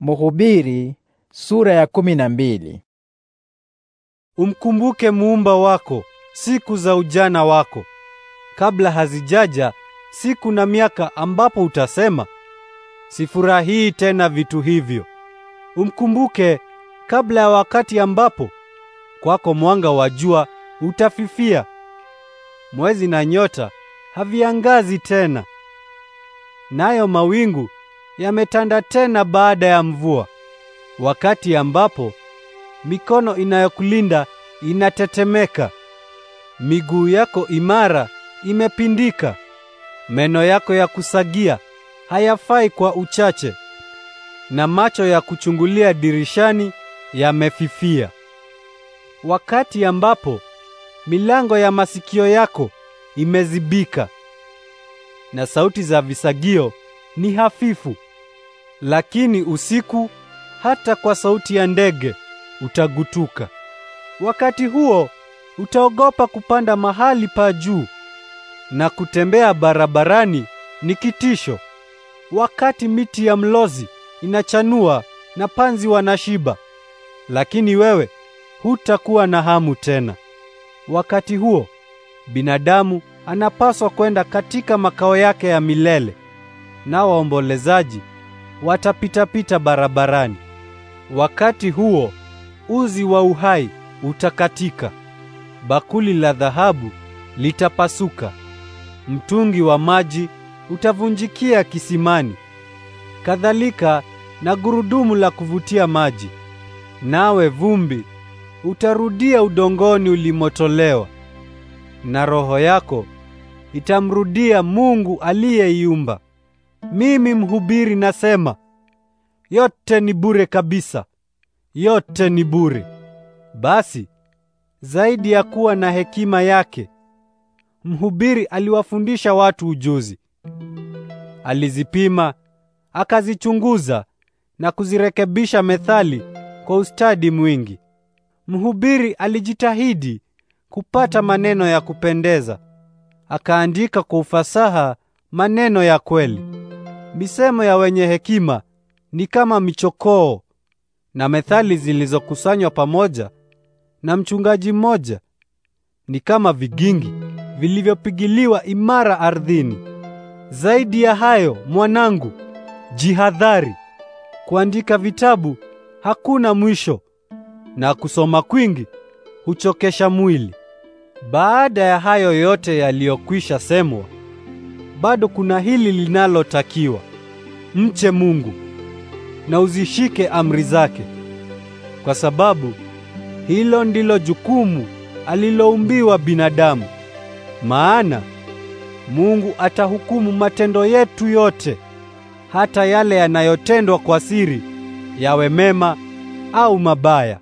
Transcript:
Mhubiri sura ya kumi na mbili. Umkumbuke muumba wako siku za ujana wako, kabla hazijaja siku na miaka ambapo utasema sifurahii tena vitu hivyo. Umkumbuke kabla ya wakati ambapo kwako mwanga wa jua utafifia, mwezi na nyota haviangazi tena, nayo mawingu yametanda tena baada ya mvua, wakati ambapo mikono inayokulinda inatetemeka, miguu yako imara imepindika, meno yako ya kusagia hayafai kwa uchache, na macho ya kuchungulia dirishani yamefifia, wakati ambapo milango ya masikio yako imezibika na sauti za visagio ni hafifu lakini usiku hata kwa sauti ya ndege utagutuka. Wakati huo utaogopa kupanda mahali pa juu, na kutembea barabarani ni kitisho, wakati miti ya mlozi inachanua na panzi wanashiba. Lakini wewe hutakuwa na hamu tena. Wakati huo binadamu anapaswa kwenda katika makao yake ya milele, na waombolezaji watapitapita barabarani. Wakati huo uzi wa uhai utakatika, bakuli la dhahabu litapasuka, mtungi wa maji utavunjikia kisimani, kadhalika na gurudumu la kuvutia maji. Nawe vumbi utarudia udongoni ulimotolewa, na roho yako itamrudia Mungu aliyeiumba. Mimi mhubiri nasema yote ni bure kabisa, yote ni bure. Basi zaidi ya kuwa na hekima yake, mhubiri aliwafundisha watu ujuzi. Alizipima, akazichunguza na kuzirekebisha methali kwa ustadi mwingi. Mhubiri alijitahidi kupata maneno ya kupendeza, akaandika kwa ufasaha maneno ya kweli. Misemo ya wenye hekima ni kama michokoo na methali zilizokusanywa pamoja na mchungaji mmoja ni kama vigingi vilivyopigiliwa imara ardhini. Zaidi ya hayo, mwanangu, jihadhari. Kuandika vitabu hakuna mwisho na kusoma kwingi huchokesha mwili. Baada ya hayo yote yaliyokwisha semwa bado kuna hili linalotakiwa: mche Mungu na uzishike amri zake, kwa sababu hilo ndilo jukumu aliloumbiwa binadamu. Maana Mungu atahukumu matendo yetu yote, hata yale yanayotendwa kwa siri, yawe mema au mabaya.